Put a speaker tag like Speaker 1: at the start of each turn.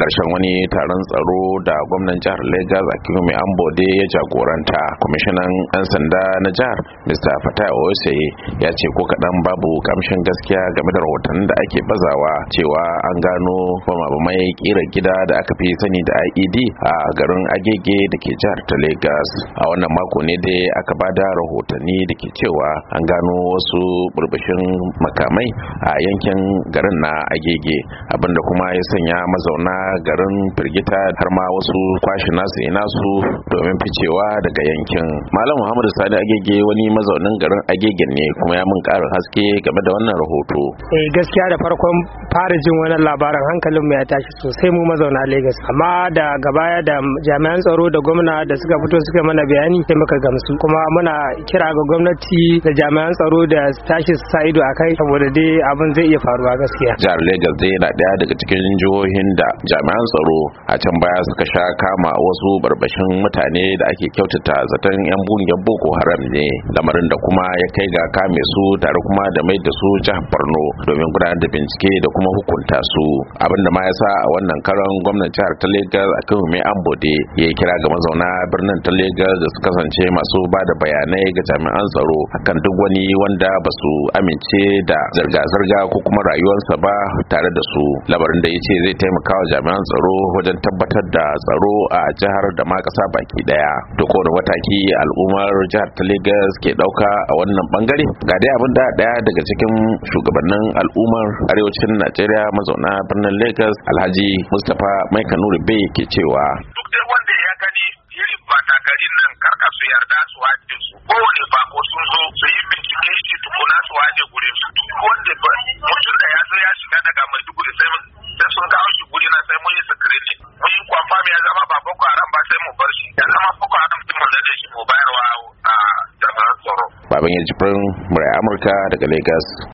Speaker 1: Karshen wani taron tsaro da gwamnan jihar Legas Akimi Ambode ya jagoranta kwamishinan 'yan sanda na jihar Mr. Fatai Osei ya ce ko kaɗan babu kamshin gaskiya game da rahotannin da ake bazawa cewa an gano mai kira gida da aka fi sani da IED a garin Agege da ke jihar ta Legas. A wannan mako ne dai aka bada rahotanni da ke cewa an gano wasu burbushin makamai a yankin garin na Agege abinda kuma ya sanya mazauna garin firgita har ma wasu kwashe nasu ina su domin ficewa daga yankin malam Muhammadu sani agege wani mazaunin garin agegen ne kuma ya mun karin haske game da wannan rahoto
Speaker 2: eh gaskiya da farkon fara jin wannan labarin hankalin mu ya tashi sosai mu mazauna lagos amma da gabaya da jami'an tsaro da gwamna da suka fito suka mana bayani sai muka gamsu kuma muna kira ga gwamnati da jami'an tsaro da tashi su sa ido akai saboda dai abin zai iya faruwa gaskiya
Speaker 1: jihar lagos dai na daya daga cikin jihohin da jami'an tsaro a can baya suka sha kama wasu barbashin mutane da ake kyautata zaton yan bungiyar boko haram ne lamarin da kuma ya kai ga kame su tare kuma da mai da su jihar borno domin gudanar da bincike da kuma hukunta su abin da ma ya sa a wannan karon gwamnan jihar ta lagos a kan mai ambode ya kira ga mazauna birnin ta lagos da su kasance masu ba da bayanai ga jami'an tsaro kan duk wani wanda ba su amince da zirga-zirga ko kuma rayuwarsa ba tare da su labarin da ya ce zai taimaka wa jami'an jami'an tsaro wajen tabbatar da tsaro a jihar da ma kasa baki daya da kowane mataki al'ummar jihar ta Legas ke dauka a wannan bangare ga dai abin da daya daga cikin shugabannin al'ummar arewacin Najeriya mazauna birnin Legas Alhaji Mustapha Mai Kanuri Bey ke cewa duk wanda ya gani irin ba nan karka yarda su haƙƙin su baban ya farin murai amurka daga Legas.